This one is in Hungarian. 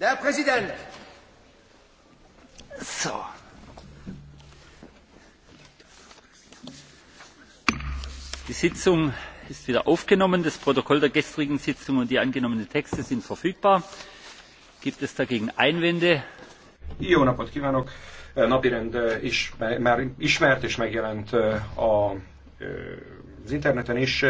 Der Präsident! So. Die Sitzung ist wieder aufgenommen. Das Protokoll der gestrigen Sitzung und die angenommenen Texte sind verfügbar. Gibt es dagegen Einwände? Jó napot kívánok! Napirend is, már ismert és megjelent a, az interneten is.